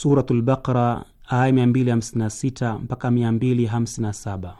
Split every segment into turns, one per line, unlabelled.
Suratul Baqara aya 256 mpaka 257.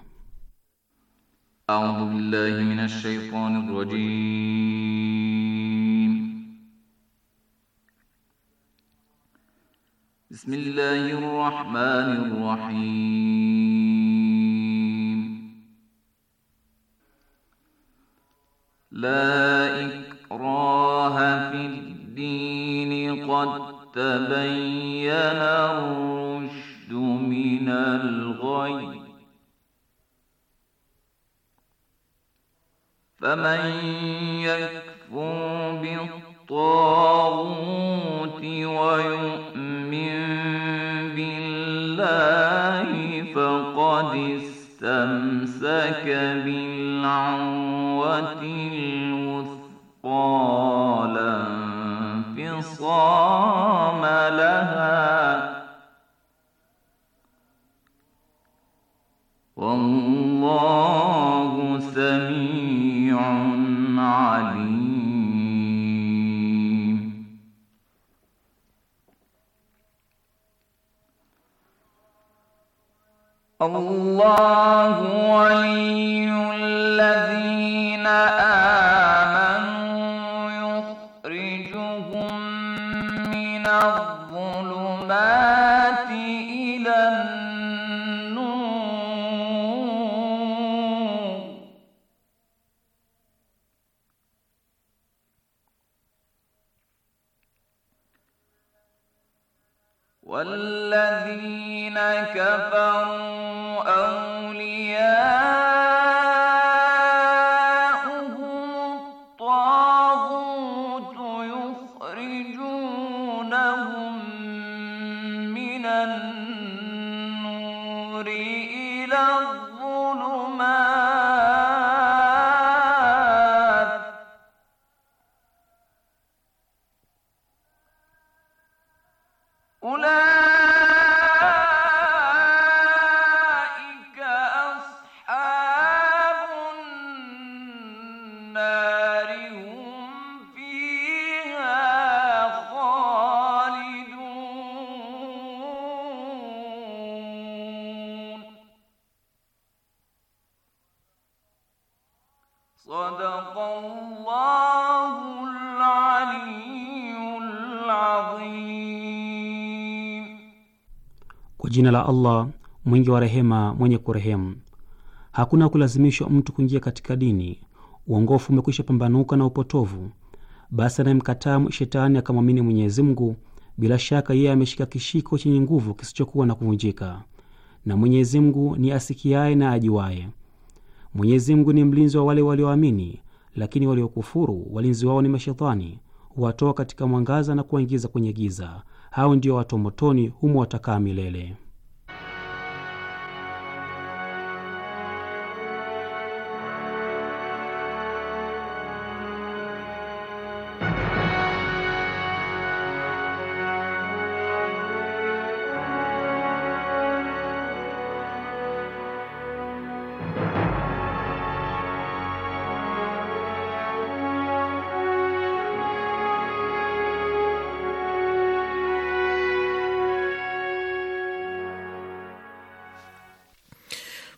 فمن يكفر بالطاغوت ويؤمن بالله فقد استمسك بالعروة الوثقى الله عليم Kwa
jina la Allah mwingi wa rehema, mwenye kurehemu. Hakuna kulazimishwa mtu kuingia katika dini. Uongofu umekwisha pambanuka na upotovu. Basi anayemkataa shetani akamwamini Mwenyezi Mungu, bila shaka yeye ameshika kishiko chenye nguvu kisichokuwa na kuvunjika, na Mwenyezi Mungu ni asikiaye na ajuaye. Mwenyezi Mungu ni mlinzi wa wale walioamini, lakini waliokufuru walinzi wao ni mashetani, huwatoa katika mwangaza na kuwaingiza kwenye giza. Hao ndio watu motoni humo watakaa milele.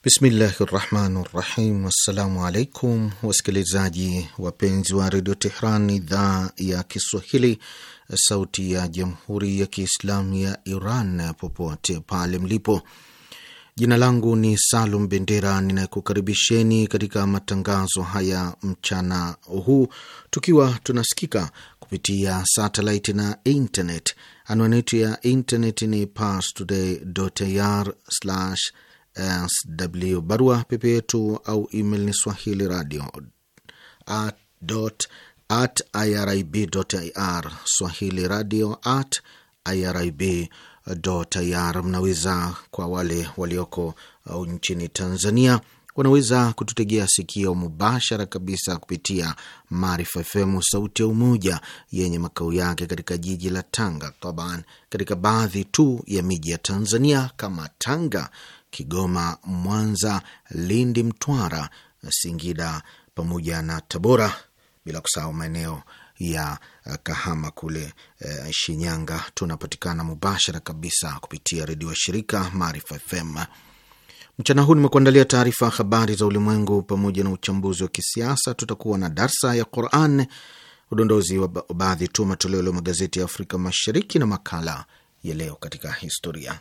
Bismillahi rahmani rahim. Assalamu alaikum wasikilizaji wapenzi wa redio Tehran, idhaa ya Kiswahili, sauti ya jamhuri ya kiislamu ya Iran, popote pale mlipo. Jina langu ni Salum Bendera, ninakukaribisheni katika matangazo haya mchana huu, tukiwa tunasikika kupitia satellite na internet. Anwani yetu ya internet ni parstoday.ir sw. Barua pepe yetu au email ni swahili radio at irib ir, swahili radio at irib ir. Mnaweza kwa wale walioko au uh, nchini Tanzania wanaweza kututegea sikio mubashara kabisa kupitia Maarifa FM sauti ya Umoja yenye makao yake katika jiji la Tanga, taban katika baadhi tu ya miji ya Tanzania kama Tanga, Kigoma, Mwanza, Lindi, Mtwara, Singida pamoja na Tabora, bila kusahau maeneo ya eh, Kahama kule e, Shinyanga. Tunapatikana mubashara kabisa kupitia redio wa shirika Maarifa FM. Mchana huu nimekuandalia taarifa ya habari za ulimwengu pamoja na uchambuzi wa kisiasa. Tutakuwa na darsa ya Quran, udondozi wa baadhi tu matoleo leo magazeti ya Afrika Mashariki na makala ya leo katika historia.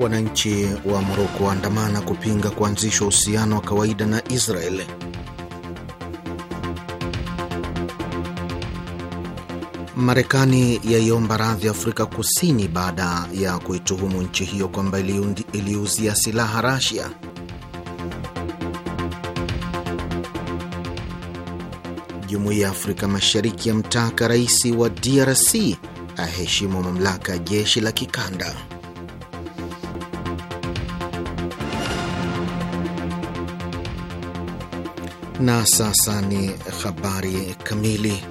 Wananchi wa Moroko waandamana kupinga kuanzishwa uhusiano wa kawaida na israel Marekani yaiomba radhi Afrika Kusini baada ya kuituhumu nchi hiyo kwamba iliuzia silaha Rasia. Jumuiya ya Afrika Mashariki yamtaka rais wa DRC aheshimu mamlaka ya jeshi la kikanda. Na sasa ni habari kamili.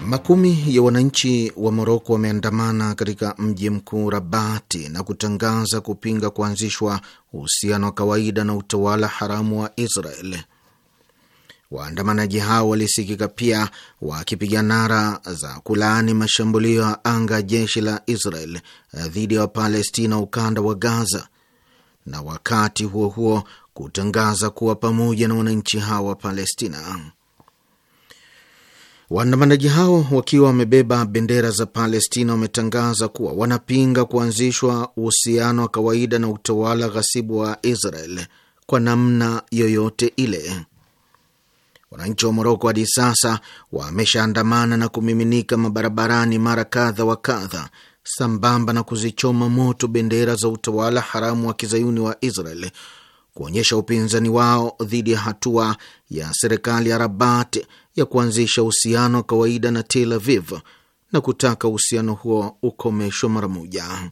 Makumi ya wananchi wa Moroko wameandamana katika mji mkuu Rabati na kutangaza kupinga kuanzishwa uhusiano wa kawaida na utawala haramu wa Israel. Waandamanaji hao walisikika pia wakipiga nara za kulaani mashambulio ya anga ya jeshi la Israel dhidi ya Wapalestina ukanda wa Gaza, na wakati huo huo kutangaza kuwa pamoja na wananchi hao wa Palestina. Waandamanaji hao wakiwa wamebeba bendera za Palestina wametangaza kuwa wanapinga kuanzishwa uhusiano wa kawaida na utawala ghasibu wa Israel kwa namna yoyote ile. Wananchi wa Moroko hadi sasa wameshaandamana na kumiminika mabarabarani mara kadha wa kadha, sambamba na kuzichoma moto bendera za utawala haramu wa kizayuni wa Israel kuonyesha upinzani wao dhidi ya hatua ya serikali ya Rabat ya kuanzisha uhusiano wa kawaida na Tel Aviv na kutaka uhusiano huo ukomeshwa mara moja.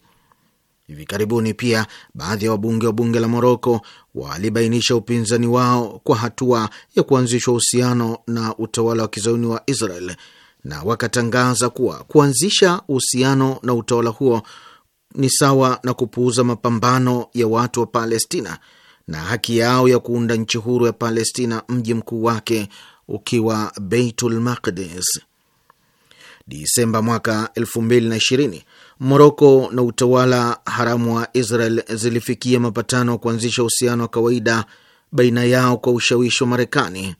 Hivi karibuni pia baadhi ya wabunge wa bunge la Moroko walibainisha upinzani wao kwa hatua ya kuanzishwa uhusiano na utawala wa kizayuni wa Israel na wakatangaza kuwa kuanzisha uhusiano na utawala huo ni sawa na kupuuza mapambano ya watu wa Palestina na haki yao ya kuunda nchi huru ya Palestina, mji mkuu wake ukiwa Beitul Maqdis. Disemba mwaka 2020 Moroko na utawala haramu wa Israel zilifikia mapatano ya kuanzisha uhusiano wa kawaida baina yao kwa ushawishi wa Marekani.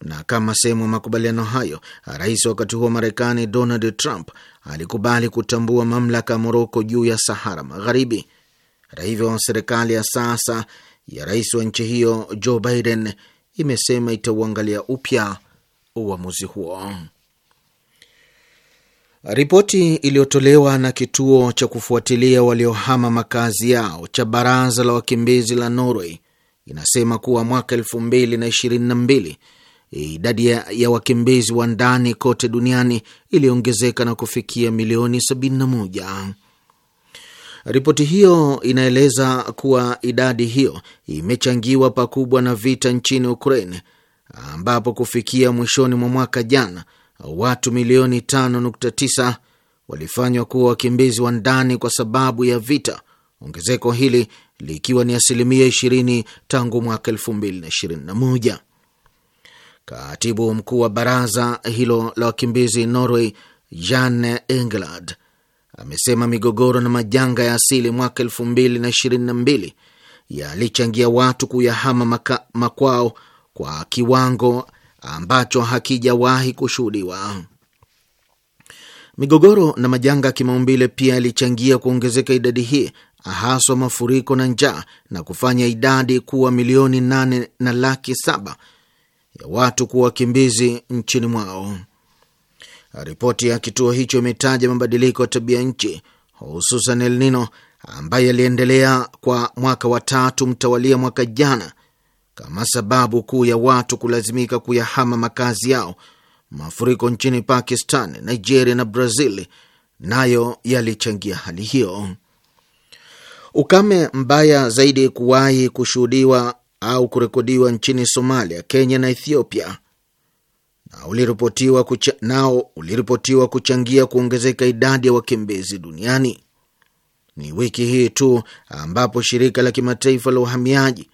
Na kama sehemu ya makubaliano hayo, rais wakati huo wa Marekani Donald Trump alikubali kutambua mamlaka ya Moroko juu ya Sahara Magharibi. Hata hivyo, serikali ya sasa ya rais wa nchi hiyo Joe Biden imesema itauangalia upya uamuzi huo. Ripoti iliyotolewa na kituo cha kufuatilia waliohama makazi yao cha baraza la wakimbizi la Norway inasema kuwa mwaka elfu mbili na ishirini na mbili idadi ya wakimbizi wa ndani kote duniani iliongezeka na kufikia milioni 71. Ripoti hiyo inaeleza kuwa idadi hiyo imechangiwa pakubwa na vita nchini Ukraine, ambapo kufikia mwishoni mwa mwaka jana watu milioni 5.9 walifanywa kuwa wakimbizi wa ndani kwa sababu ya vita, ongezeko hili likiwa ni asilimia 20 tangu mwaka 2021. Katibu mkuu wa baraza hilo la wakimbizi Norway, Jan Egeland, amesema migogoro na majanga ya asili mwaka elfu mbili na ishirini na mbili yalichangia watu kuyahama makwao kwa kiwango ambacho hakijawahi kushuhudiwa. Migogoro na majanga ya kimaumbile pia yalichangia kuongezeka idadi hii, haswa mafuriko na njaa, na kufanya idadi kuwa milioni nane na laki saba ya watu kuwa wakimbizi nchini mwao. Ripoti ya kituo hicho imetaja mabadiliko ya tabia nchi hususan El Nino ambaye yaliendelea kwa mwaka wa tatu mtawalia mwaka jana kama sababu kuu ya watu kulazimika kuyahama makazi yao. Mafuriko nchini Pakistan, Nigeria na Brazil nayo yalichangia hali hiyo. Ukame mbaya zaidi kuwahi kushuhudiwa au kurekodiwa nchini Somalia, Kenya na Ethiopia na uliripotiwa kucha, nao uliripotiwa kuchangia kuongezeka idadi ya wakimbizi duniani. Ni wiki hii tu ambapo shirika la kimataifa la uhamiaji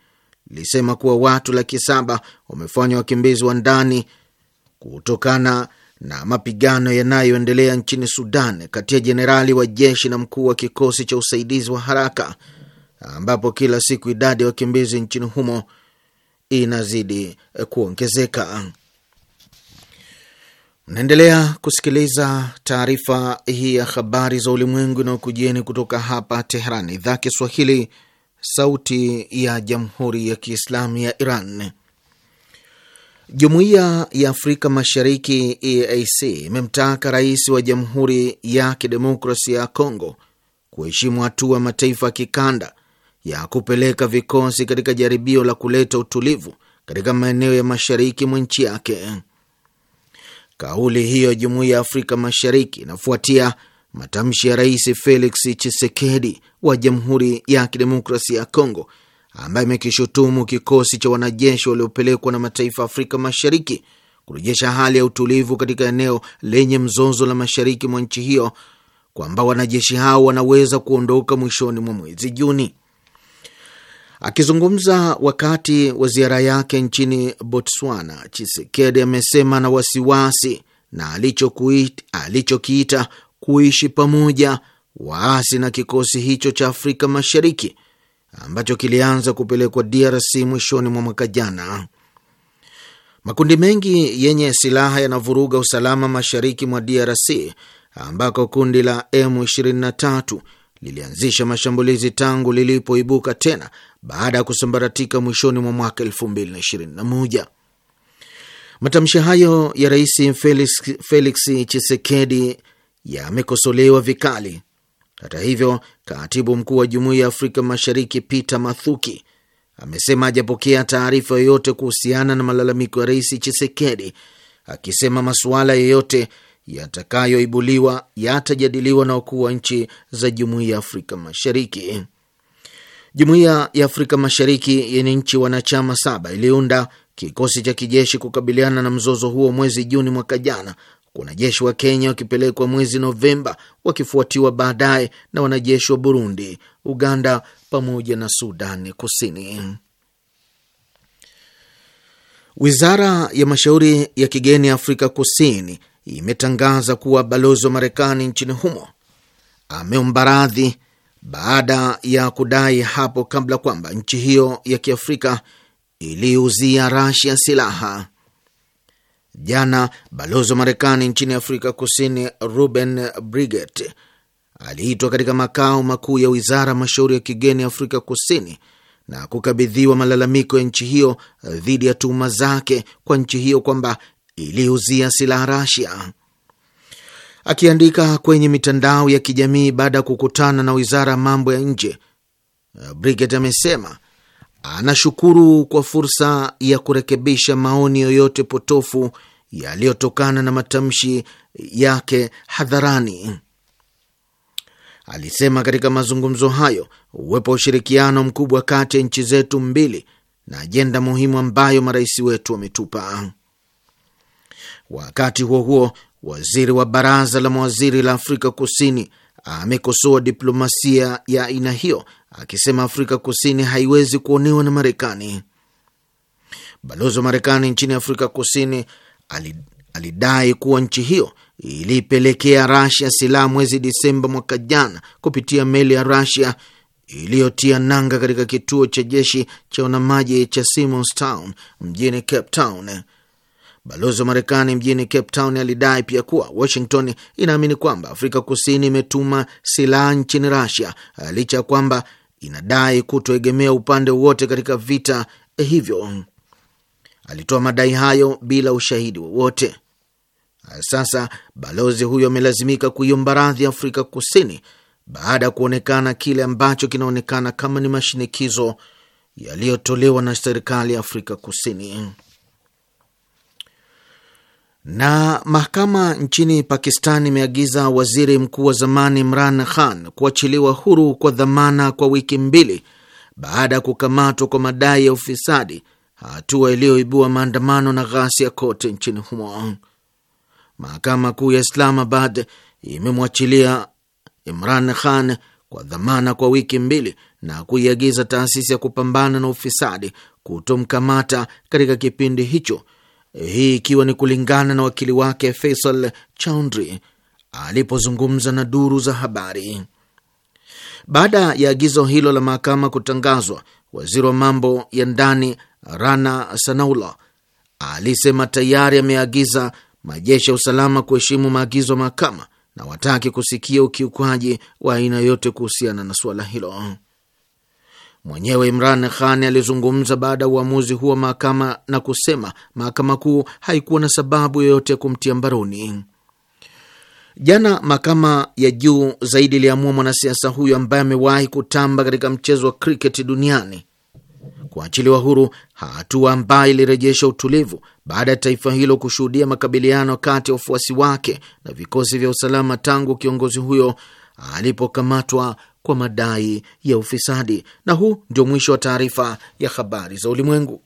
lilisema kuwa watu laki saba wamefanywa wakimbizi wa ndani kutokana na mapigano yanayoendelea nchini Sudan kati ya jenerali wa jeshi na mkuu wa kikosi cha usaidizi wa haraka, ambapo kila siku idadi ya wakimbizi nchini humo inazidi kuongezeka naendelea kusikiliza taarifa hii ya habari za ulimwengu inayokujieni kutoka hapa Tehran, idhaa Kiswahili, sauti ya jamhuri ya kiislamu ya Iran. Jumuiya ya Afrika Mashariki EAC imemtaka rais wa Jamhuri ya Kidemokrasia ya Kongo kuheshimu hatua ya mataifa ya kikanda ya kupeleka vikosi katika jaribio la kuleta utulivu katika maeneo ya mashariki mwa nchi yake. Kauli hiyo jumuia Jumuiya ya Afrika Mashariki inafuatia matamshi ya Rais Felix Tshisekedi wa Jamhuri ya Kidemokrasia ya Kongo ambaye amekishutumu kikosi cha wanajeshi waliopelekwa na mataifa ya Afrika Mashariki kurejesha hali ya utulivu katika eneo lenye mzozo la mashariki mwa nchi hiyo kwamba wanajeshi hao wanaweza kuondoka mwishoni mwa mwezi Juni. Akizungumza wakati wa ziara yake nchini Botswana, Chisekedi amesema na wasiwasi na alichokiita kuishi pamoja waasi na kikosi hicho cha Afrika Mashariki ambacho kilianza kupelekwa DRC mwishoni mwa mwaka jana. Makundi mengi yenye silaha yanavuruga usalama mashariki mwa DRC ambako kundi la M23 lilianzisha mashambulizi tangu lilipoibuka tena baada ya kusambaratika mwishoni mwa mwaka 2021. Matamshi hayo ya Rais Felix, Felix Chisekedi yamekosolewa vikali. Hata hivyo, katibu mkuu wa Jumuiya ya Afrika Mashariki Peter Mathuki amesema hajapokea taarifa yoyote kuhusiana na malalamiko ya Rais chisekedi akisema masuala yoyote yatakayoibuliwa yatajadiliwa na wakuu wa nchi za Jumuiya ya Afrika Mashariki. Jumuiya ya Afrika Mashariki yenye nchi wanachama saba iliunda kikosi cha kijeshi kukabiliana na mzozo huo mwezi Juni mwaka jana, huku wanajeshi wa Kenya wakipelekwa mwezi Novemba, wakifuatiwa baadaye na wanajeshi wa Burundi, Uganda pamoja na Sudan Kusini. Wizara ya mashauri ya kigeni ya Afrika Kusini imetangaza kuwa balozi wa Marekani nchini humo ameomba radhi baada ya kudai hapo kabla kwamba nchi hiyo ya Kiafrika iliuzia Rasia silaha. Jana balozi wa Marekani nchini Afrika Kusini Ruben Briget aliitwa katika makao makuu ya wizara mashauri ya kigeni Afrika Kusini na kukabidhiwa malalamiko ya nchi hiyo dhidi ya tuhuma zake kwa nchi hiyo kwamba iliuzia silaha Rasia. Akiandika kwenye mitandao ya kijamii baada ya kukutana na wizara ya mambo ya nje, eh, Briget amesema anashukuru kwa fursa ya kurekebisha maoni yoyote potofu yaliyotokana na matamshi yake hadharani. Alisema katika mazungumzo hayo, uwepo wa ushirikiano mkubwa kati ya nchi zetu mbili na ajenda muhimu ambayo marais wetu wametupa. Wakati huo huo, Waziri wa baraza la mawaziri la Afrika Kusini amekosoa diplomasia ya aina hiyo akisema Afrika Kusini haiwezi kuonewa na Marekani. Balozi wa Marekani nchini Afrika Kusini alidai kuwa nchi hiyo iliipelekea Rasia silaha mwezi Disemba mwaka jana kupitia meli ya Rasia iliyotia nanga katika kituo cha jeshi cha wanamaji cha Simonstown mjini Cape Town. Balozi wa Marekani mjini Cape Town alidai pia kuwa Washington inaamini kwamba Afrika Kusini imetuma silaha nchini rasia licha ya kwamba inadai kutoegemea upande wowote katika vita hivyo. Alitoa madai hayo bila ushahidi wowote. Sasa balozi huyo amelazimika kuiomba radhi Afrika Kusini baada ya kuonekana kile ambacho kinaonekana kama ni mashinikizo yaliyotolewa na serikali ya Afrika Kusini. Na mahakama nchini Pakistan imeagiza waziri mkuu wa zamani Imran Khan kuachiliwa huru kwa dhamana kwa wiki mbili baada ya kukamatwa kwa madai ya ufisadi, hatua iliyoibua maandamano na ghasia kote nchini humo. Mahakama kuu ya Islamabad imemwachilia Imran Khan kwa dhamana kwa wiki mbili na kuiagiza taasisi ya kupambana na ufisadi kutomkamata katika kipindi hicho hii ikiwa ni kulingana na wakili wake Faisal Chaudhry alipozungumza na duru za habari. Baada ya agizo hilo la mahakama kutangazwa, waziri wa mambo ya ndani Rana Sanaullah alisema tayari ameagiza majeshi ya usalama kuheshimu maagizo ya mahakama na wataki kusikia ukiukwaji wa aina yote kuhusiana na suala hilo. Mwenyewe Imran Khan alizungumza baada ya uamuzi huo mahakama na kusema mahakama kuu haikuwa na sababu yoyote ya kumtia mbaroni. Jana mahakama ya juu zaidi iliamua mwanasiasa huyo ambaye amewahi kutamba katika mchezo wa kriketi duniani kuachiliwa huru, hatua ambayo ilirejesha utulivu baada ya taifa hilo kushuhudia makabiliano kati ya wafuasi wake na vikosi vya usalama tangu kiongozi huyo alipokamatwa kwa madai ya ufisadi. Na huu ndio mwisho wa taarifa ya habari za ulimwengu.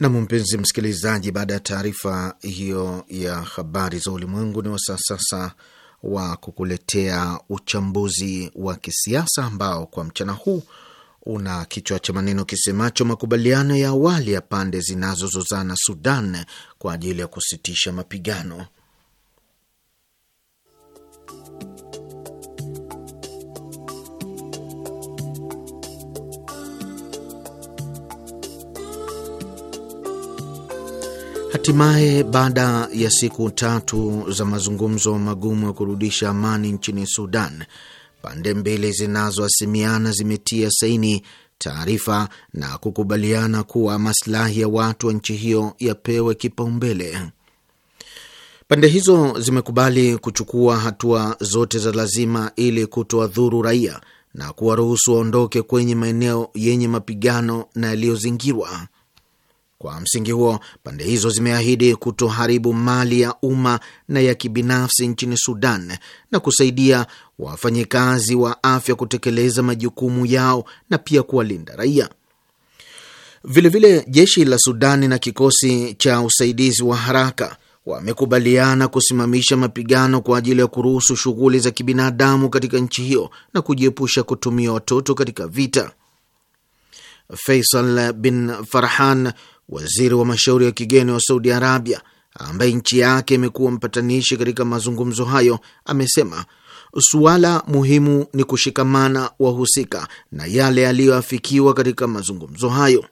Nam, mpenzi msikilizaji, baada ya taarifa hiyo ya habari za ulimwengu, ni wasaa sasa wa kukuletea uchambuzi wa kisiasa ambao kwa mchana huu una kichwa cha maneno kisemacho makubaliano ya awali ya pande zinazozozana Sudan kwa ajili ya kusitisha mapigano. Hatimaye, baada ya siku tatu za mazungumzo magumu ya kurudisha amani nchini Sudan, pande mbili zinazohasimiana zimetia saini taarifa na kukubaliana kuwa maslahi ya watu wa nchi hiyo yapewe kipaumbele. Pande hizo zimekubali kuchukua hatua zote za lazima ili dhuru raia na kuwaruhusu waondoke kwenye maeneo yenye mapigano na yaliyozingirwa. Kwa msingi huo, pande hizo zimeahidi kutoharibu mali ya umma na ya kibinafsi nchini Sudan na kusaidia wafanyikazi wa afya kutekeleza majukumu yao na pia kuwalinda raia. Vilevile vile, jeshi la Sudani na kikosi cha usaidizi wa haraka wamekubaliana kusimamisha mapigano kwa ajili ya kuruhusu shughuli za kibinadamu katika nchi hiyo na kujiepusha kutumia watoto katika vita. Faisal bin Farhan, waziri wa mashauri ya kigeni wa Saudi Arabia, ambaye nchi yake imekuwa mpatanishi katika mazungumzo hayo, amesema suala muhimu ni kushikamana wahusika na yale yaliyoafikiwa katika mazungumzo hayo.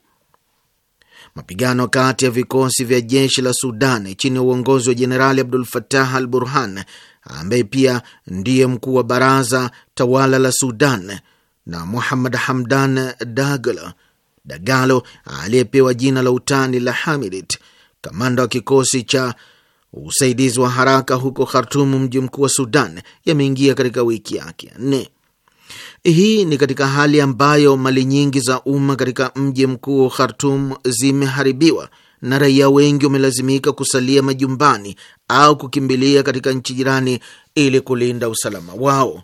Mapigano kati ya vikosi vya jeshi la Sudan chini ya uongozi wa Jenerali Abdul fatah al Burhan, ambaye pia ndiye mkuu wa baraza tawala la Sudan, na Muhammad Hamdan Dagalo, Dagalo aliyepewa jina la utani la Hamilit, kamanda wa kikosi cha usaidizi wa haraka huko Khartum, mji mkuu wa Sudan, yameingia katika wiki yake ya nne. Hii ni katika hali ambayo mali nyingi za umma katika mji mkuu Khartum zimeharibiwa na raia wengi wamelazimika kusalia majumbani au kukimbilia katika nchi jirani ili kulinda usalama wao.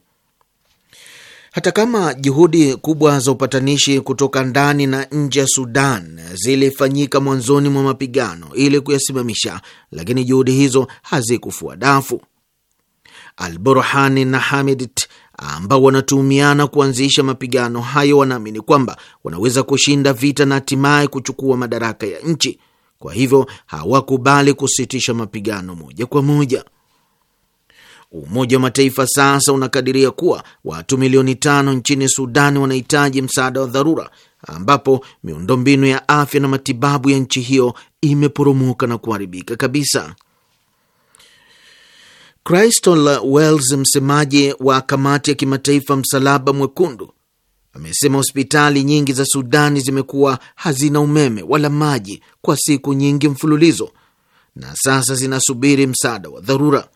Hata kama juhudi kubwa za upatanishi kutoka ndani na nje ya Sudan zilifanyika mwanzoni mwa mapigano ili kuyasimamisha, lakini juhudi hizo hazikufua dafu. Al Burhani na Hamid ambao wanatuhumiana kuanzisha mapigano hayo wanaamini kwamba wanaweza kushinda vita na hatimaye kuchukua madaraka ya nchi. Kwa hivyo hawakubali kusitisha mapigano moja kwa moja. Umoja wa Mataifa sasa unakadiria kuwa watu milioni tano nchini Sudani wanahitaji msaada wa dharura, ambapo miundombinu ya afya na matibabu ya nchi hiyo imeporomoka na kuharibika kabisa. Crystal Wells, msemaji wa kamati ya kimataifa Msalaba Mwekundu, amesema hospitali nyingi za Sudani zimekuwa hazina umeme wala maji kwa siku nyingi mfululizo na sasa zinasubiri msaada wa dharura.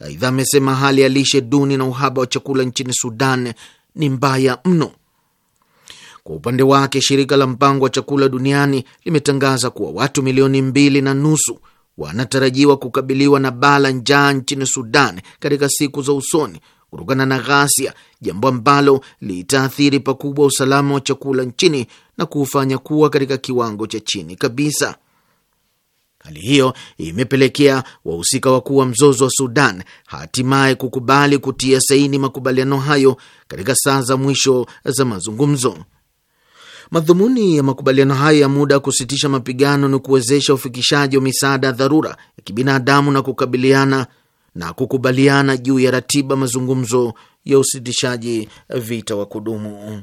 Aidha amesema hali ya lishe duni na uhaba wa chakula nchini Sudan ni mbaya mno. Kwa upande wake, shirika la mpango wa chakula duniani limetangaza kuwa watu milioni mbili na nusu wanatarajiwa kukabiliwa na baa la njaa nchini Sudan katika siku za usoni kutokana na ghasia, jambo ambalo litaathiri pakubwa usalama wa chakula nchini na kuufanya kuwa katika kiwango cha chini kabisa. Hali hiyo imepelekea wahusika wakuu wa mzozo wa Sudan hatimaye kukubali kutia saini makubaliano hayo katika saa za mwisho za mazungumzo. Madhumuni ya makubaliano hayo ya muda kusitisha mapigano ni kuwezesha ufikishaji wa misaada ya dharura ya kibinadamu na kukabiliana na kukubaliana juu ya ratiba mazungumzo ya usitishaji vita wa kudumu.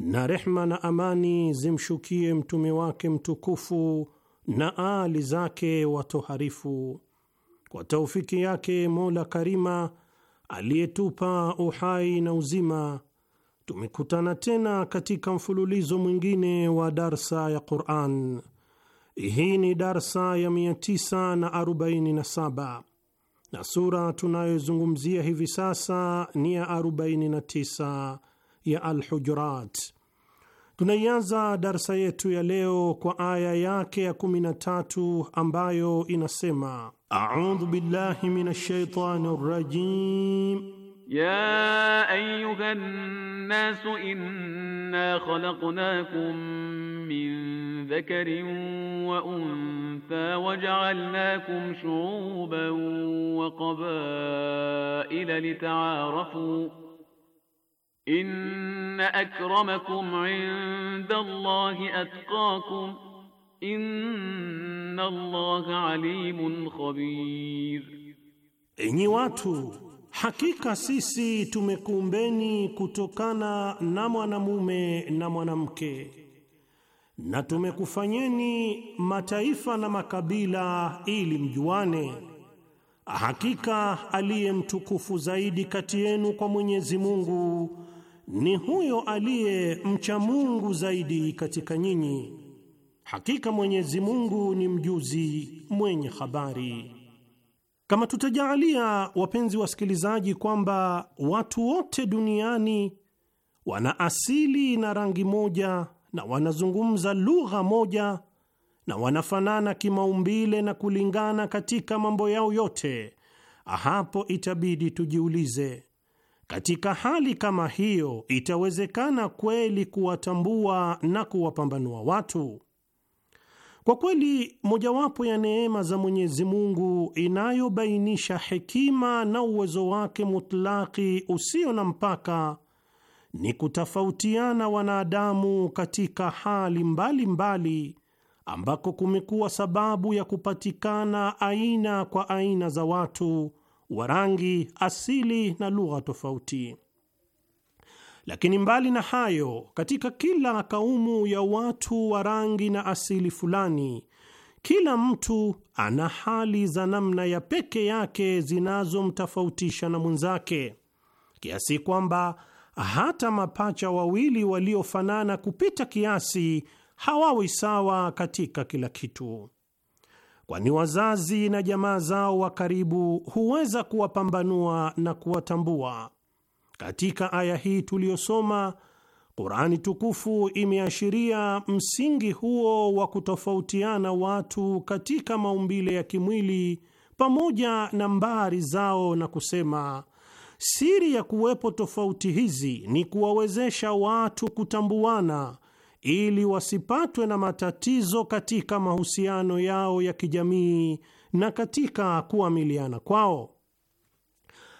na rehma na amani zimshukie mtume wake mtukufu na aali zake watoharifu. Kwa taufiki yake Mola Karima aliyetupa uhai na uzima, tumekutana tena katika mfululizo mwingine wa darsa ya Quran. Hii ni darsa ya 947 na, na sura tunayozungumzia hivi sasa ni ya 49 ya Al-Hujurat. Tunaianza darsa yetu ya leo kwa aya yake ya 13 ambayo inasema a'udhu billahi minash shaitani rrajim
يا أيها الناس إنا خلقناكم من ذكر وأنثى وجعلناكم شعوبا وقبائل لتعارفوا Inna akramakum inda Allahi atqakum inna Allaha alimun khabir, enyi
watu, hakika sisi tumekuumbeni kutokana na mwanamume na mwanamke na tumekufanyeni mataifa na makabila ili mjuane. Hakika aliye mtukufu zaidi kati yenu kwa Mwenyezi Mungu ni huyo aliye mcha Mungu zaidi katika nyinyi. Hakika Mwenyezi Mungu ni mjuzi mwenye habari. Kama tutajaalia, wapenzi wasikilizaji, kwamba watu wote duniani wana asili na rangi moja na wanazungumza lugha moja na wanafanana kimaumbile na kulingana katika mambo yao yote, hapo itabidi tujiulize katika hali kama hiyo, itawezekana kweli kuwatambua na kuwapambanua watu? Kwa kweli, mojawapo ya neema za Mwenyezi Mungu inayobainisha hekima na uwezo wake mutlaki usio na mpaka ni kutofautiana wanadamu katika hali mbalimbali mbali, ambako kumekuwa sababu ya kupatikana aina kwa aina za watu wa rangi, asili na lugha tofauti. Lakini mbali na hayo, katika kila kaumu ya watu wa rangi na asili fulani, kila mtu ana hali za namna ya peke yake zinazomtofautisha na mwenzake, kiasi kwamba hata mapacha wawili waliofanana kupita kiasi hawawi sawa katika kila kitu kwani wazazi na jamaa zao wa karibu huweza kuwapambanua na kuwatambua. Katika aya hii tuliyosoma, Kurani tukufu imeashiria msingi huo wa kutofautiana watu katika maumbile ya kimwili pamoja na mbari zao, na kusema siri ya kuwepo tofauti hizi ni kuwawezesha watu kutambuana ili wasipatwe na matatizo katika mahusiano yao ya kijamii na katika kuamiliana kwao.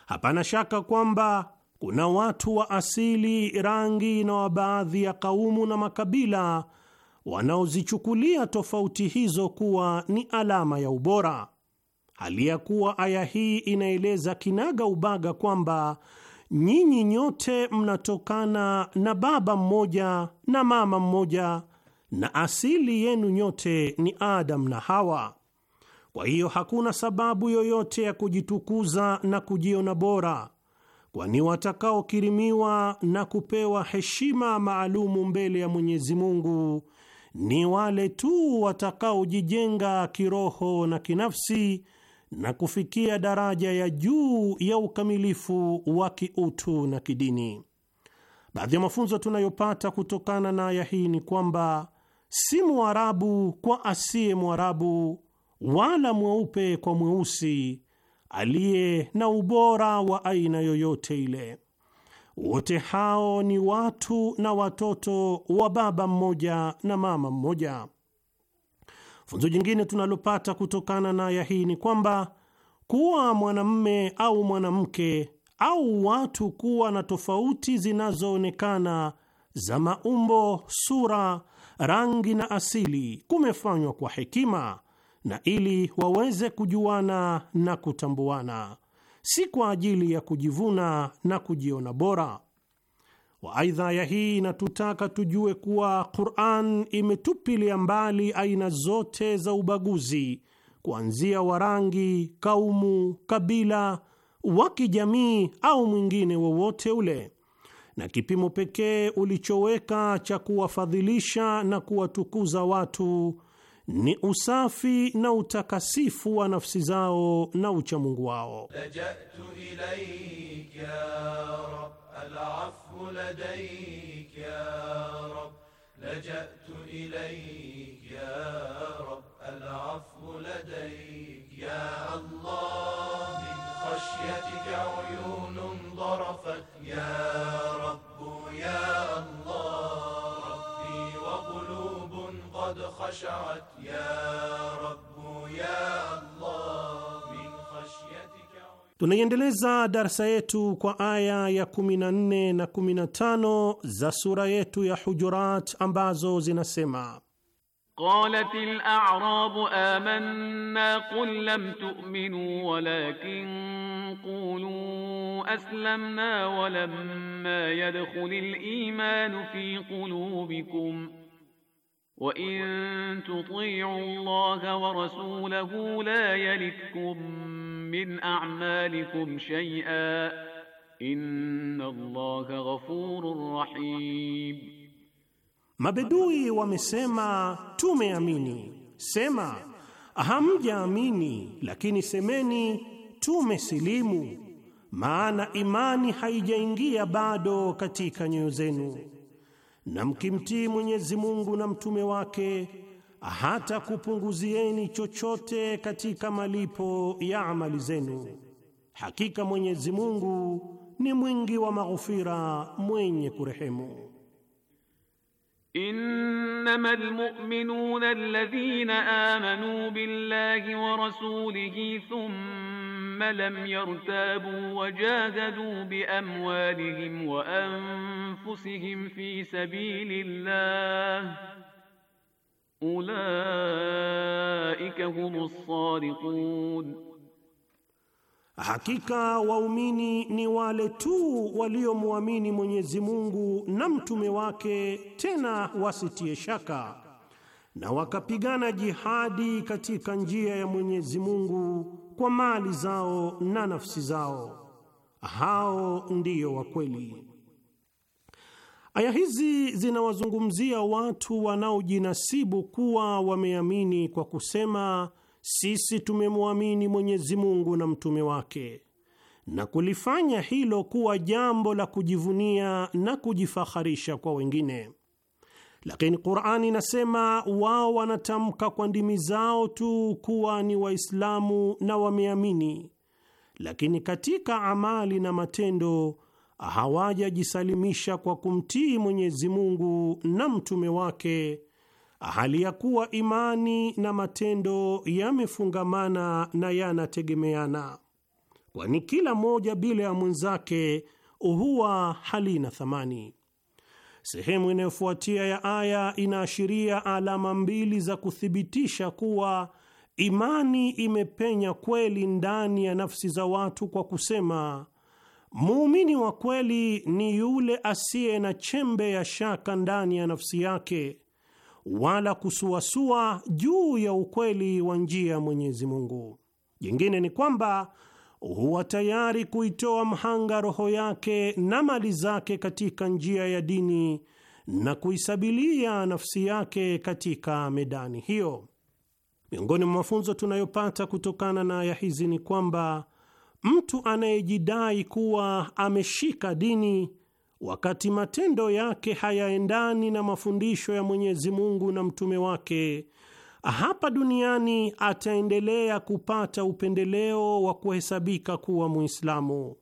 Hapana shaka kwamba kuna watu wa asili, rangi na wa baadhi ya kaumu na makabila wanaozichukulia tofauti hizo kuwa ni alama ya ubora, hali ya kuwa aya hii inaeleza kinaga ubaga kwamba nyinyi nyote mnatokana na baba mmoja na mama mmoja, na asili yenu nyote ni Adamu na Hawa. Kwa hiyo hakuna sababu yoyote ya kujitukuza na kujiona bora, kwani watakaokirimiwa na kupewa heshima maalumu mbele ya Mwenyezi Mungu ni wale tu watakaojijenga kiroho na kinafsi na kufikia daraja ya juu ya ukamilifu wa kiutu na kidini. Baadhi ya mafunzo tunayopata kutokana na aya hii ni kwamba si Mwarabu kwa asiye Mwarabu wala mweupe kwa mweusi aliye na ubora wa aina yoyote ile. Wote hao ni watu na watoto wa baba mmoja na mama mmoja. Funzo jingine tunalopata kutokana na aya hii ni kwamba kuwa mwanamme au mwanamke au watu kuwa na tofauti zinazoonekana za maumbo, sura, rangi na asili kumefanywa kwa hekima na ili waweze kujuana na kutambuana, si kwa ajili ya kujivuna na kujiona bora. Waaidha, ya hii inatutaka tujue kuwa Quran imetupilia mbali aina zote za ubaguzi, kuanzia wa rangi, kaumu, kabila, wa kijamii au mwingine wowote ule, na kipimo pekee ulichoweka cha kuwafadhilisha na kuwatukuza watu ni usafi na utakasifu wa nafsi zao na uchamungu wao.
العفو لديك
يا رب لجأت إليك يا رب العفو لديك يا الله من خشيتك
عيون ضرفت يا رب يا
الله ربي وقلوب قد خشعت يا رب يا الله
Tunaiendeleza darsa yetu kwa aya ya 14 na 15 za sura yetu ya Hujurat ambazo zinasema:
qalat al-a'rabu amanna qul lam tu'minu walakin qulu aslamna walamma yadkhul al-iman fi qulubikum وإن تطيعوا الله ورسوله لا يلتكم min a'malikum shay'a inna Allaha ghafurur rahim.
Mabedui wamesema tumeamini. Sema hamjaamini, lakini semeni tumesilimu, maana imani haijaingia bado katika nyoyo zenu, na mkimtii Mwenyezi Mungu na mtume wake hata kupunguzieni chochote katika malipo ya amali zenu. Hakika Mwenyezi Mungu ni mwingi wa maghfira, mwenye kurehemu.
Innama almu'minuna alladhina amanu billahi wa rasulihi thumma lam yartabu wa jahadu bi amwalihim wa anfusihim fi sabilillah Ulaika humus sadiqun,
hakika waumini ni wale tu waliomwamini Mwenyezi Mungu na mtume wake, tena wasitie shaka, na wakapigana jihadi katika njia ya Mwenyezi Mungu kwa mali zao na nafsi zao. Hao ndiyo wakweli. Aya hizi zinawazungumzia watu wanaojinasibu kuwa wameamini kwa kusema sisi tumemwamini Mwenyezi Mungu na mtume wake, na kulifanya hilo kuwa jambo la kujivunia na kujifaharisha kwa wengine. Lakini Qur'ani inasema wao wanatamka kwa ndimi zao tu kuwa ni Waislamu na wameamini, lakini katika amali na matendo hawajajisalimisha kwa kumtii Mwenyezi Mungu na mtume wake, hali ya kuwa imani na matendo yamefungamana na yanategemeana, kwani kila moja bila ya mwenzake huwa halina thamani. Sehemu inayofuatia ya aya inaashiria alama mbili za kuthibitisha kuwa imani imepenya kweli ndani ya nafsi za watu kwa kusema Muumini wa kweli ni yule asiye na chembe ya shaka ndani ya nafsi yake wala kusuasua juu ya ukweli wa njia ya Mwenyezi Mungu. Jingine ni kwamba huwa tayari kuitoa mhanga roho yake na mali zake katika njia ya dini na kuisabilia nafsi yake katika medani hiyo. Miongoni mwa mafunzo tunayopata kutokana na aya hizi ni kwamba mtu anayejidai kuwa ameshika dini wakati matendo yake hayaendani na mafundisho ya Mwenyezi Mungu na mtume wake hapa duniani ataendelea kupata upendeleo wa kuhesabika kuwa Muislamu,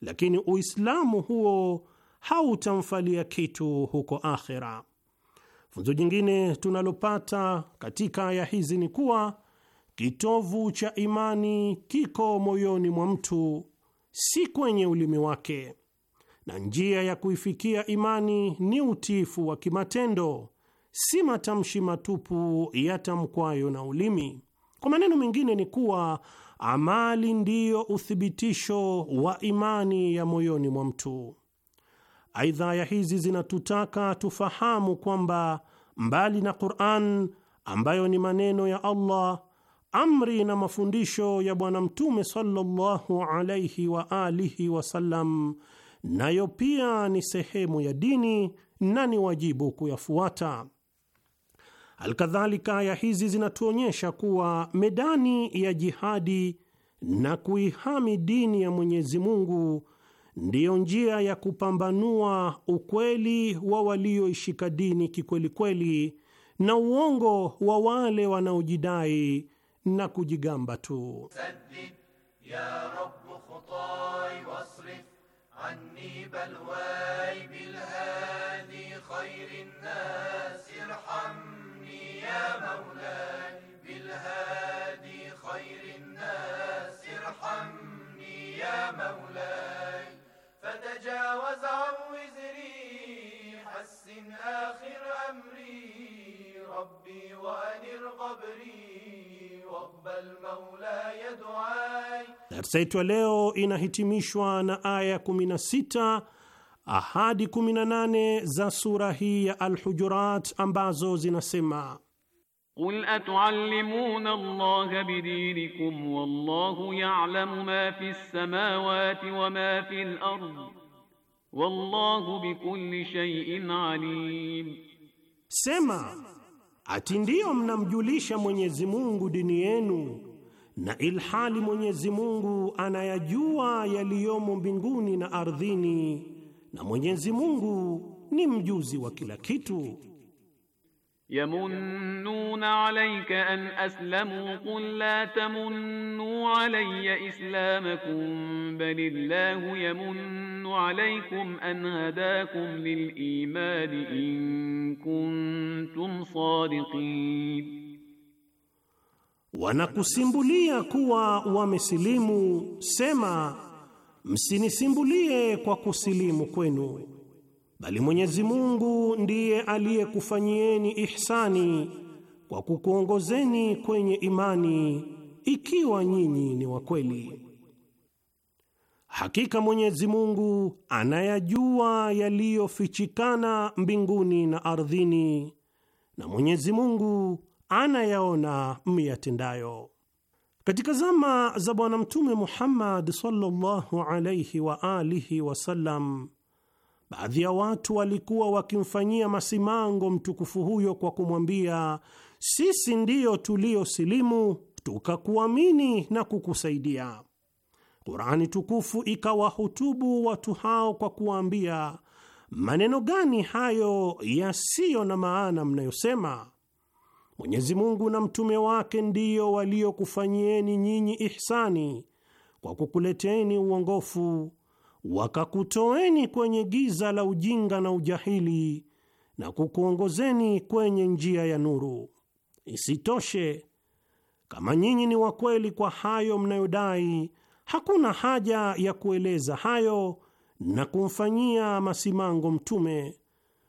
lakini Uislamu huo hautamfalia kitu huko akhera. Funzo jingine tunalopata katika aya hizi ni kuwa Kitovu cha imani kiko moyoni mwa mtu, si kwenye ulimi wake, na njia ya kuifikia imani ni utiifu wa kimatendo, si matamshi matupu yatamkwayo na ulimi. Kwa maneno mengine, ni kuwa amali ndiyo uthibitisho wa imani ya moyoni mwa mtu. Aidha, aya hizi zinatutaka tufahamu kwamba mbali na Qur'an ambayo ni maneno ya Allah amri na mafundisho ya Bwana Mtume sallallahu alaihi wa alihi wasallam, nayo pia ni sehemu ya dini na ni wajibu kuyafuata. Alkadhalika, aya hizi zinatuonyesha kuwa medani ya jihadi na kuihami dini ya Mwenyezi Mungu ndiyo njia ya kupambanua ukweli wa walioishika dini kikwelikweli na uongo wa wale wanaojidai na kujigamba tu. Saddid ya
Rabb khutai wasrif anni balwai bilhadi khairin nas irhamni ya maulai
bilhadi khairin nas
irhamni ya
maulai
fatajawaz an wizri hassin akhir amri rabbi wa anir
qabri Darsa yetu ya leo inahitimishwa na aya 16 ahadi 18 za sura hii ya alhujurat ambazo zinasema
Qul atuallimuna Allaha bidinikum wallahu ya'lamu ma fi samawati wa ma fi al-ard wallahu bikulli shay'in
alim Sema Ati ndiyo mnamjulisha Mwenyezi Mungu dini yenu, na ilhali Mwenyezi Mungu anayajua yaliyomo mbinguni na ardhini, na Mwenyezi Mungu ni mjuzi wa kila kitu.
يمنون عليك أن أسلموا قل لا تمنوا علي إسلامكم بل الله يمن عليكم أن هداكم للإيمان إن كنتم صادقين
wanakusimbulia kuwa wamesilimu, sema msinisimbulie kwa kusilimu kwenu bali Mwenyezi Mungu ndiye aliyekufanyieni ihsani kwa kukuongozeni kwenye imani ikiwa nyinyi ni wa kweli. Hakika Mwenyezi Mungu anayajua yaliyofichikana mbinguni na ardhini, na Mwenyezi Mungu anayaona myatendayo. Katika zama za Bwana Mtume Muhammad sallallahu alayhi wa alihi wasallam Baadhi ya watu walikuwa wakimfanyia masimango mtukufu huyo kwa kumwambia, sisi ndiyo tuliosilimu tukakuamini na kukusaidia. Kurani tukufu ikawahutubu watu hao kwa kuwaambia, maneno gani hayo yasiyo na maana mnayosema? Mwenyezi Mungu na mtume wake ndiyo waliokufanyieni nyinyi ihsani kwa kukuleteni uongofu wakakutoeni kwenye giza la ujinga na ujahili na kukuongozeni kwenye njia ya nuru. Isitoshe, kama nyinyi ni wakweli kwa hayo mnayodai, hakuna haja ya kueleza hayo na kumfanyia masimango Mtume,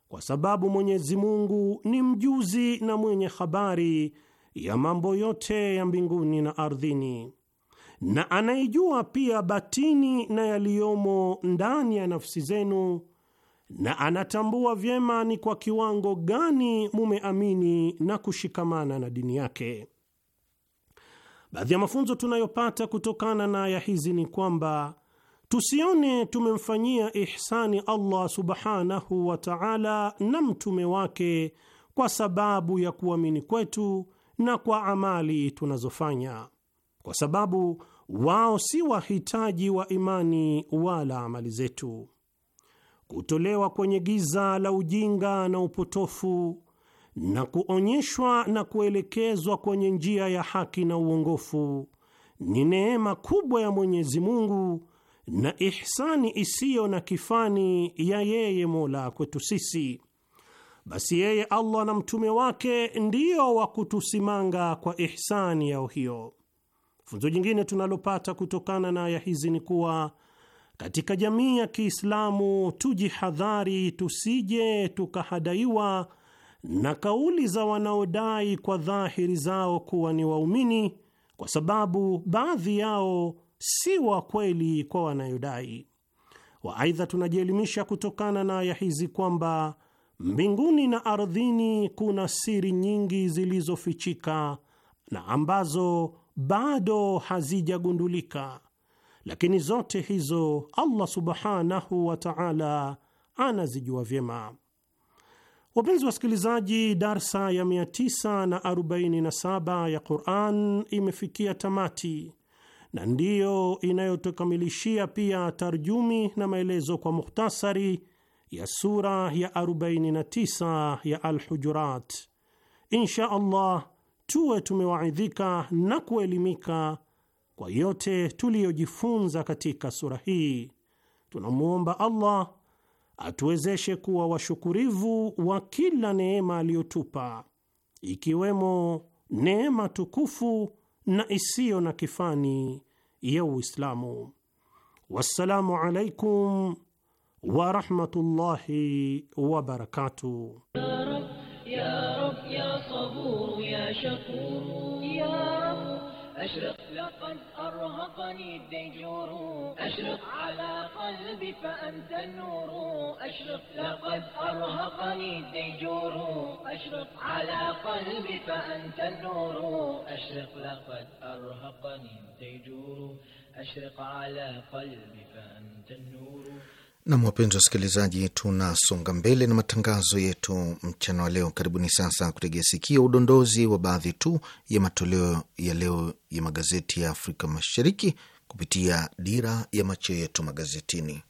kwa sababu Mwenyezi Mungu ni mjuzi na mwenye habari ya mambo yote ya mbinguni na ardhini na anayejua pia batini na yaliyomo ndani ya nafsi zenu, na anatambua vyema ni kwa kiwango gani mumeamini na kushikamana na dini yake. Baadhi ya mafunzo tunayopata kutokana na aya hizi ni kwamba tusione tumemfanyia ihsani Allah subhanahu wa ta'ala na mtume wake kwa sababu ya kuamini kwetu na kwa amali tunazofanya kwa sababu wao si wahitaji wa imani wala amali zetu. Kutolewa kwenye giza la ujinga na upotofu na kuonyeshwa na kuelekezwa kwenye njia ya haki na uongofu ni neema kubwa ya Mwenyezi Mungu na ihsani isiyo na kifani ya yeye Mola kwetu sisi. Basi yeye Allah na mtume wake ndiyo wa kutusimanga kwa ihsani yao hiyo. Funzo jingine tunalopata kutokana na aya hizi ni kuwa katika jamii ya Kiislamu tujihadhari, tusije tukahadaiwa na kauli za wanaodai kwa dhahiri zao kuwa ni waumini, kwa sababu baadhi yao si wa kweli kwa wanayodai. Waaidha, tunajielimisha kutokana na aya hizi kwamba mbinguni na ardhini kuna siri nyingi zilizofichika na ambazo bado hazijagundulika, lakini zote hizo Allah subhanahu wa ta'ala anazijua vyema. Wapenzi wasikilizaji, darsa ya 947 ya Quran imefikia tamati na ndiyo inayotukamilishia pia tarjumi na maelezo kwa mukhtasari ya sura ya 49 ya alhujurat Insha Allah tuwe tumewaidhika na kuelimika kwa yote tuliyojifunza katika sura hii. Tunamwomba Allah atuwezeshe kuwa washukurivu wa kila neema aliyotupa, ikiwemo neema tukufu na isiyo na kifani ya Uislamu. Wassalamu alaikum warahmatullahi wabarakatuh.
يا رب يا صبور يا شكور يا رب أشرق لقد أرهقني الدجور أشرق على قلبي فأنت النور أشرق لقد أرهقني الدجور أشرق على قلبي فأنت النور أشرق
لقد أرهقني الدجور أشرق على قلبي فأنت النور
Nam, wapenzi wasikilizaji, tunasonga mbele na matangazo yetu mchana wa leo. Karibuni sasa kutegea sikio udondozi wa baadhi tu ya matoleo ya leo ya magazeti ya Afrika Mashariki kupitia dira ya macho yetu magazetini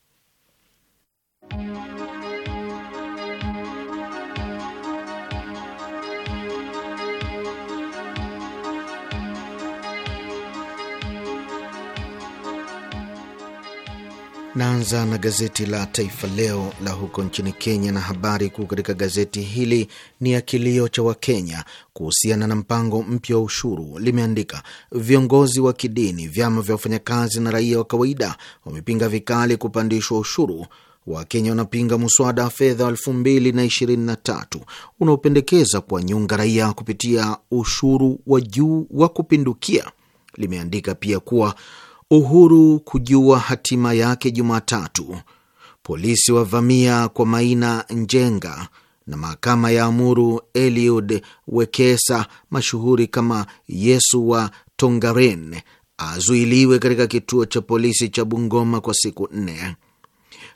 Naanza na gazeti la Taifa Leo la huko nchini Kenya, na habari kuu katika gazeti hili ni ya kilio cha Wakenya kuhusiana na mpango mpya wa ushuru. Limeandika viongozi wa kidini, vyama vya wafanyakazi na raia wa kawaida wamepinga vikali kupandishwa ushuru. Wakenya wanapinga mswada wa fedha wa elfu mbili na ishirini na tatu unaopendekeza kuwanyonga raia kupitia ushuru wa juu wa kupindukia. Limeandika pia kuwa Uhuru kujua hatima yake Jumatatu, polisi wavamia kwa Maina Njenga na mahakama ya amuru Eliud Wekesa mashuhuri kama Yesu wa Tongaren azuiliwe katika kituo cha polisi cha Bungoma kwa siku nne.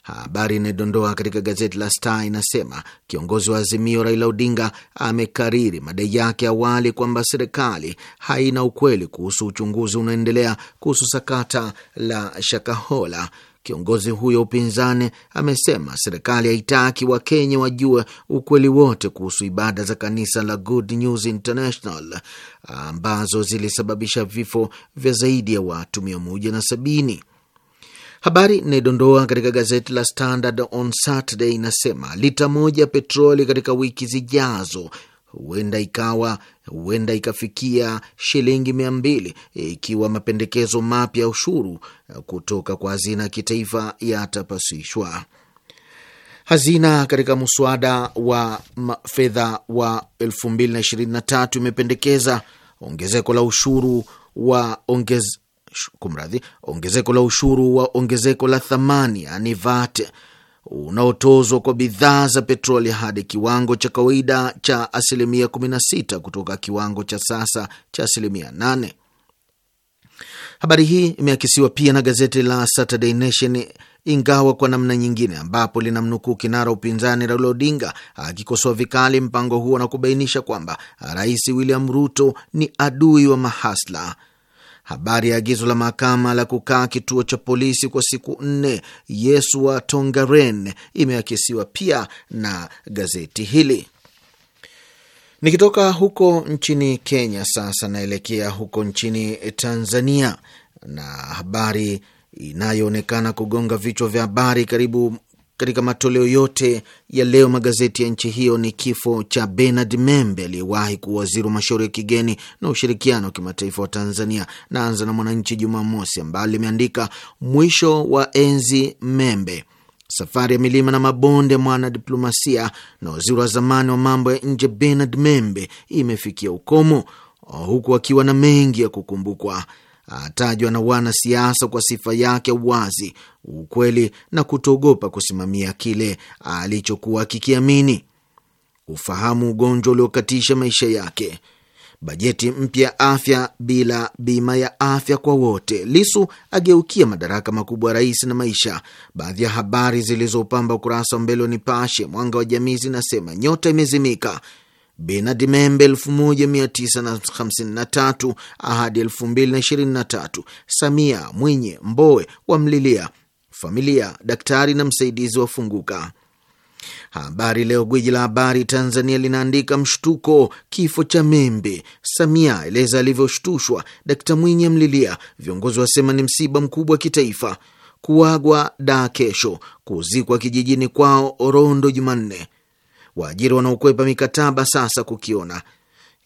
Habari inayodondoa katika gazeti la Star inasema kiongozi wa Azimio Raila Odinga amekariri madai yake awali kwamba serikali haina ukweli kuhusu uchunguzi unaendelea kuhusu sakata la Shakahola. Kiongozi huyo upinzani amesema serikali haitaki Wakenya wajue ukweli wote kuhusu ibada za kanisa la Good News International ambazo zilisababisha vifo vya zaidi ya watu mia moja na sabini. Habari inayodondoa katika gazeti la Standard on Saturday inasema lita moja petroli katika wiki zijazo huenda ikawa huenda ikafikia shilingi mia mbili ikiwa mapendekezo mapya ya ushuru kutoka kwa hazina ya kitaifa yatapasishwa. Hazina katika mswada wa fedha wa 2023 imependekeza ongezeko la ushuru wa ongez, kumradhi, ongezeko la ushuru wa ongezeko la thamani yani VAT unaotozwa kwa bidhaa za petroli hadi kiwango cha kawaida cha asilimia 16 kutoka kiwango cha sasa cha asilimia 8. Habari hii imeakisiwa pia na gazeti la Saturday Nation, ingawa kwa namna nyingine, ambapo linamnukuu kinara upinzani Raila Odinga akikosoa vikali mpango huo na kubainisha kwamba Rais William Ruto ni adui wa mahasla Habari ya agizo la mahakama la kukaa kituo cha polisi kwa siku nne Yesu wa Tongaren imeakisiwa pia na gazeti hili. Nikitoka huko nchini Kenya sasa naelekea huko nchini Tanzania na habari inayoonekana kugonga vichwa vya habari karibu katika matoleo yote ya leo magazeti ya nchi hiyo ni kifo cha Bernard Membe, aliyewahi kuwa waziri wa mashauri ya kigeni na ushirikiano wa kimataifa wa Tanzania. Naanza na Mwananchi Jumamosi ambayo limeandika mwisho wa enzi Membe, safari ya milima na mabonde, mwanadiplomasia na waziri wa zamani wa mambo ya nje Bernard Membe imefikia ukomo, huku akiwa na mengi ya kukumbukwa atajwa na wanasiasa kwa sifa yake uwazi, ukweli na kutogopa kusimamia kile alichokuwa akikiamini. Ufahamu ugonjwa uliokatisha maisha yake. Bajeti mpya ya afya bila bima ya afya kwa wote. Lisu ageukia madaraka makubwa ya rais na maisha. Baadhi ya habari zilizopamba ukurasa wa mbele wa Nipashe Mwanga wa Jamii zinasema nyota imezimika, Bernard Membe 1953 hadi 2023. Samia Mwinyi Mbowe wamlilia familia, daktari na msaidizi wafunguka. Habari Leo, gwiji la habari Tanzania, linaandika mshtuko, kifo cha Membe. Samia eleza alivyoshtushwa, Dakta Mwinyi amlilia, viongozi wasema ni msiba mkubwa wa kitaifa. Kuagwa da kesho, kuzikwa kijijini kwao Orondo Jumanne waajiri wanaokwepa mikataba sasa kukiona,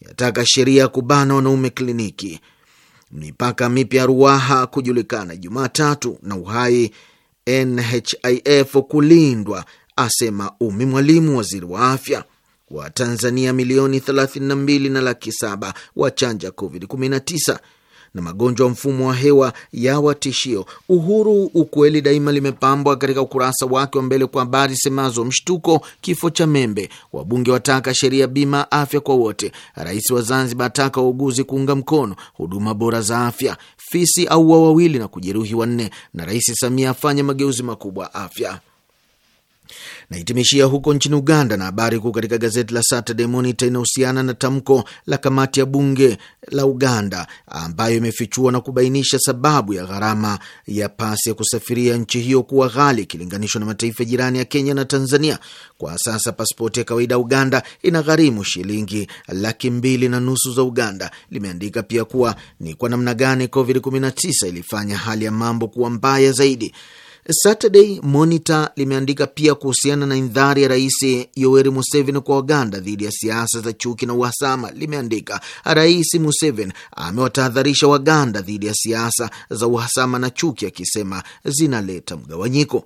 yataka sheria ya kubana wanaume kliniki, mipaka mipya Ruaha kujulikana Jumatatu, na uhai NHIF kulindwa, asema Umi Mwalimu, waziri wa afya. Watanzania milioni 32 na laki saba wachanja COVID-19 na magonjwa ya mfumo wa hewa yawa tishio. Uhuru ukweli daima limepambwa katika ukurasa wake wa mbele kwa habari semazo mshtuko, kifo cha Membe, wabunge wataka sheria bima afya kwa wote, rais wa Zanzibar ataka wauguzi kuunga mkono huduma bora za afya, fisi au wa wawili na kujeruhi wanne, na Rais Samia afanye mageuzi makubwa afya. Nahitimishia huko nchini Uganda, na habari kuu katika gazeti la Saturday Monitor inahusiana na tamko la kamati ya bunge la Uganda ambayo imefichua na kubainisha sababu ya gharama ya pasi ya kusafiria nchi hiyo kuwa ghali ikilinganishwa na mataifa jirani ya Kenya na Tanzania. Kwa sasa pasipoti ya kawaida ya Uganda ina gharimu shilingi laki mbili na nusu za Uganda. Limeandika pia kuwa ni kwa namna gani COVID-19 ilifanya hali ya mambo kuwa mbaya zaidi. Saturday Monitor limeandika pia kuhusiana na indhari ya Rais Yoweri Museveni kwa Uganda dhidi ya siasa za chuki na uhasama. Limeandika Rais Museveni amewatahadharisha Waganda dhidi ya siasa za uhasama na chuki, akisema zinaleta mgawanyiko.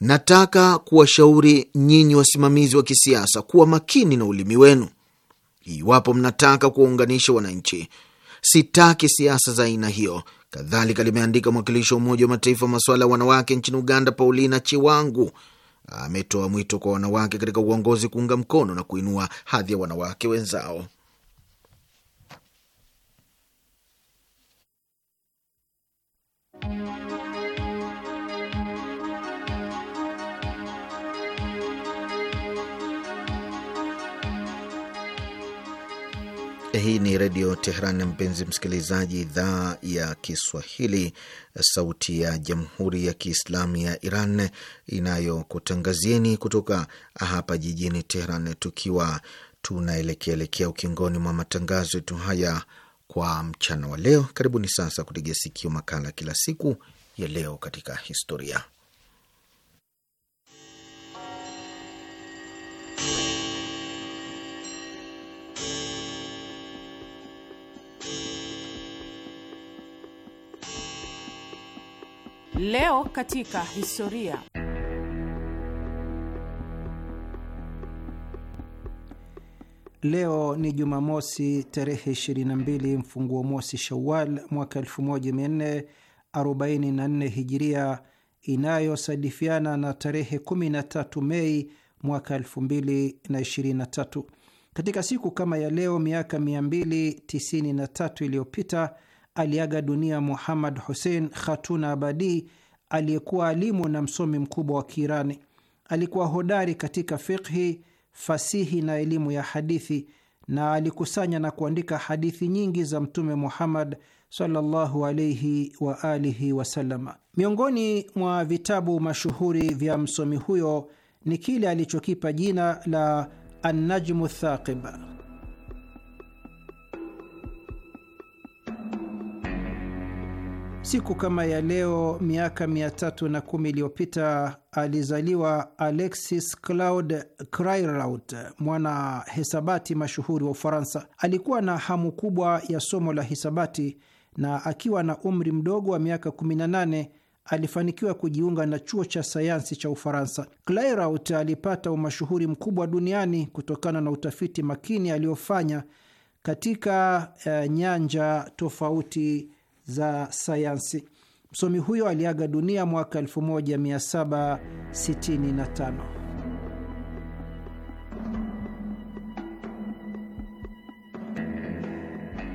Nataka kuwashauri nyinyi wasimamizi wa kisiasa kuwa makini na ulimi wenu iwapo mnataka kuwaunganisha wananchi. Sitaki siasa za aina hiyo. Kadhalika limeandika mwakilishi wa Umoja wa Mataifa wa masuala ya wanawake nchini Uganda, Paulina Chiwangu ametoa mwito kwa wanawake katika uongozi kuunga mkono na kuinua hadhi ya wanawake wenzao. Hii ni Redio Teheran, mpenzi msikilizaji, idhaa ya Kiswahili, sauti ya Jamhuri ya Kiislamu ya Iran inayokutangazieni kutoka hapa jijini Teheran, tukiwa tunaelekeaelekea ukingoni mwa matangazo yetu haya kwa mchana wa leo. Karibuni sasa kutegea sikio makala kila siku ya leo katika historia
Leo katika
historia.
Leo ni Jumamosi tarehe 22 mfunguo mosi Shawal mwaka 1444 Hijiria, inayosadifiana na tarehe 13 Mei mwaka 2023. Katika siku kama ya leo miaka 293 iliyopita aliaga dunia Muhammad Hussein Khatuna Abadi, aliyekuwa alimu na msomi mkubwa wa Kiirani. Alikuwa hodari katika fikhi, fasihi na elimu ya hadithi, na alikusanya na kuandika hadithi nyingi za Mtume Muhammad sallallahu wa alihi wasallam. Miongoni mwa vitabu mashuhuri vya msomi huyo ni kile alichokipa jina la Annajmu Thaqiba. Siku kama ya leo miaka 310 iliyopita alizaliwa Alexis Claude Clairaut, mwana hesabati mashuhuri wa Ufaransa. Alikuwa na hamu kubwa ya somo la hisabati na akiwa na umri mdogo wa miaka 18 alifanikiwa kujiunga na chuo cha sayansi cha Ufaransa. Clairaut alipata umashuhuri mkubwa duniani kutokana na utafiti makini aliyofanya katika uh, nyanja tofauti za sayansi. Msomi huyo aliaga dunia mwaka 1765.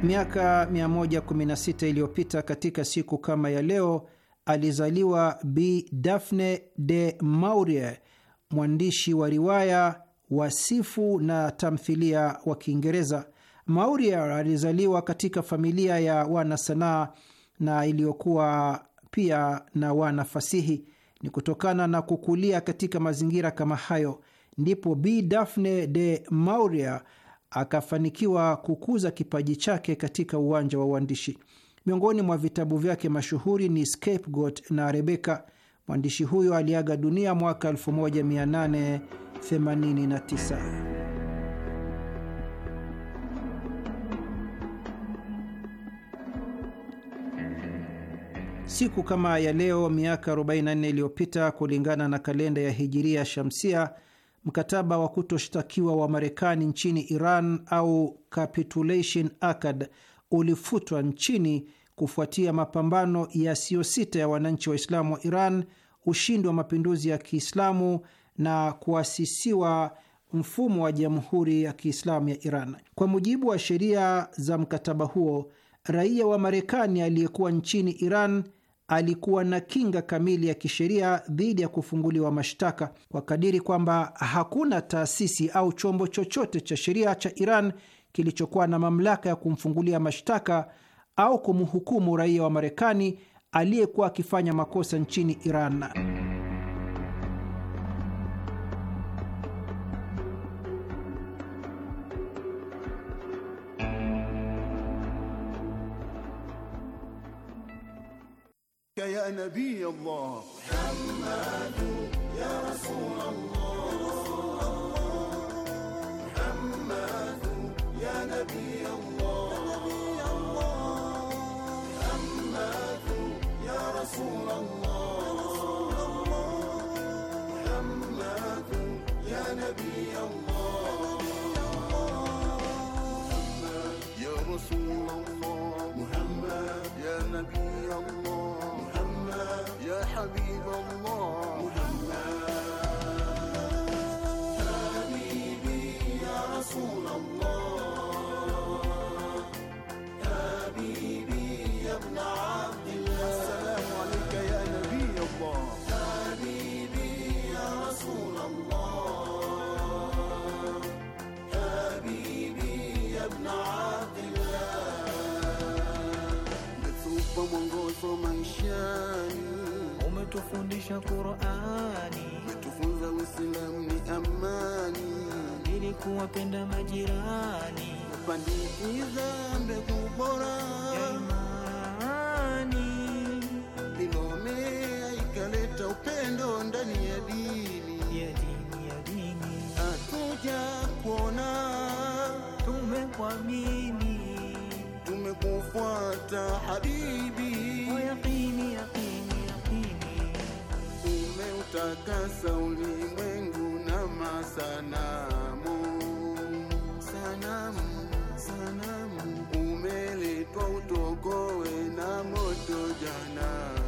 Miaka 116 iliyopita katika siku kama ya leo alizaliwa Bi Daphne de Maurier, mwandishi wa riwaya, wasifu na tamthilia wa Kiingereza. Maurier alizaliwa katika familia ya wanasanaa na iliyokuwa pia na wanafasihi. Ni kutokana na kukulia katika mazingira kama hayo ndipo b Daphne de Maurier akafanikiwa kukuza kipaji chake katika uwanja wa uandishi. Miongoni mwa vitabu vyake mashuhuri ni Scapegoat na Rebecca. Mwandishi huyo aliaga dunia mwaka 1889. Siku kama ya leo miaka 44 iliyopita kulingana na kalenda ya hijiria shamsia, mkataba wa kutoshtakiwa wa Marekani nchini Iran au capitulation accord ulifutwa nchini kufuatia mapambano yasiyosita ya wananchi Waislamu wa Iran, ushindi wa mapinduzi ya Kiislamu na kuasisiwa mfumo wa jamhuri ya Kiislamu ya Iran. Kwa mujibu wa sheria za mkataba huo, raia wa Marekani aliyekuwa nchini Iran alikuwa na kinga kamili ya kisheria dhidi ya kufunguliwa mashtaka kwa kadiri kwamba hakuna taasisi au chombo chochote cha sheria cha Iran kilichokuwa na mamlaka ya kumfungulia mashtaka au kumhukumu raia wa Marekani aliyekuwa akifanya makosa nchini Iran.
يا نبي الله محمد يا رسول الله محمد يا نبي الله محمد يا رسول الله
mifo maishani, umetufundisha Qur'ani, umetufunza Uislamu ni amani, ili kuwapenda majirani, upandikiza mbegu bora ya
imani, ilomea ikaleta
upendo ndani ya dini ya dini ya dini, hatuja kuona tumekwamini umekufuata habibi, umeutakasa ulimwengu na masanamu sanamu sanamu, umeletwa
utokowe
na moto jana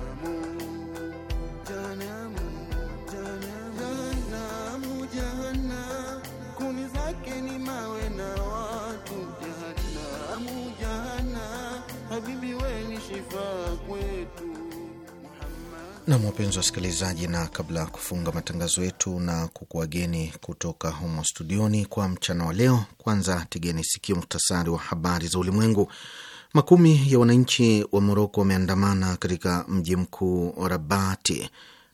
Nam, wapenzi wasikilizaji, na kabla ya kufunga matangazo yetu na kukuwageni kutoka humo studioni kwa mchana wa leo, kwanza tigeni sikio muhtasari wa habari za ulimwengu. Makumi ya wananchi wa Moroko wameandamana katika mji mkuu Rabati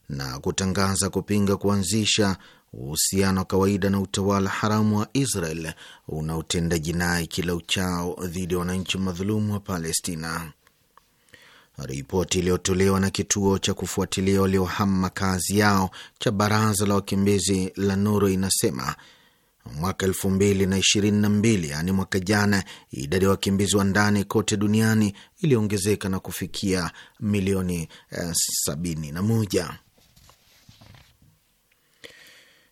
na kutangaza kupinga kuanzisha uhusiano wa kawaida na utawala haramu wa Israel unaotenda jinai kila uchao dhidi ya wananchi madhulumu wa Palestina. Ripoti iliyotolewa na kituo cha kufuatilia waliohama makazi yao cha baraza la wakimbizi la Nuru inasema mwaka elfu mbili na ishirini na mbili, yaani mwaka jana, idadi ya wakimbizi wa ndani kote duniani iliongezeka na kufikia milioni eh, sabini na moja.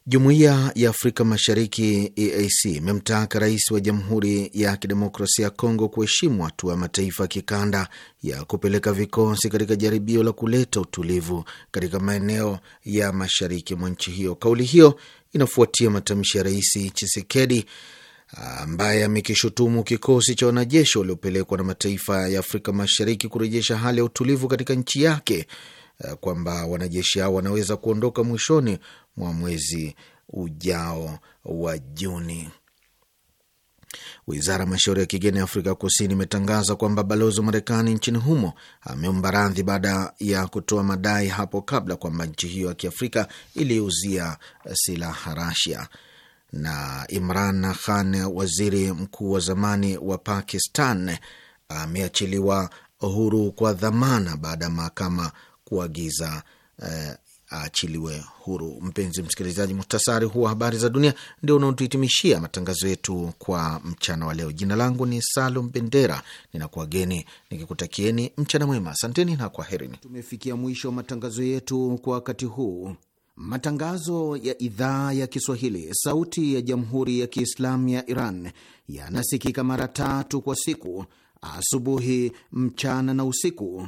Jumuiya ya Afrika Mashariki EAC imemtaka rais wa Jamhuri ya Kidemokrasia ya Kongo kuheshimu hatua ya mataifa ya kikanda ya kupeleka vikosi katika jaribio la kuleta utulivu katika maeneo ya mashariki mwa nchi hiyo. Kauli hiyo inafuatia matamshi ya Rais Chisekedi ambaye amekishutumu kikosi cha wanajeshi waliopelekwa na mataifa ya Afrika Mashariki kurejesha hali ya utulivu katika nchi yake Eh, kwamba wanajeshi hao wanaweza kuondoka mwishoni mwa mwezi ujao wa Juni. Wizara ya mashauri ya kigeni ya Afrika Kusini imetangaza kwamba balozi wa Marekani nchini humo ameomba radhi baada ya kutoa madai hapo kabla kwamba nchi hiyo ya kiafrika iliuzia silaha Rasia. Na Imran Khan, waziri mkuu wa zamani wa Pakistan, ameachiliwa huru kwa dhamana baada ya mahakama kuagiza eh, aachiliwe eh, huru. Mpenzi msikilizaji, muhtasari huu wa habari za dunia ndio unaotuhitimishia matangazo yetu kwa mchana wa leo. Jina langu ni Salum Bendera, ninakuageni nikikutakieni mchana mwema. Asanteni na kwaherini. Tumefikia mwisho wa matangazo yetu kwa wakati huu. Matangazo ya idhaa ya Kiswahili sauti ya jamhuri ya Kiislamu ya Iran yanasikika mara tatu kwa siku: asubuhi, mchana na usiku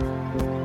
you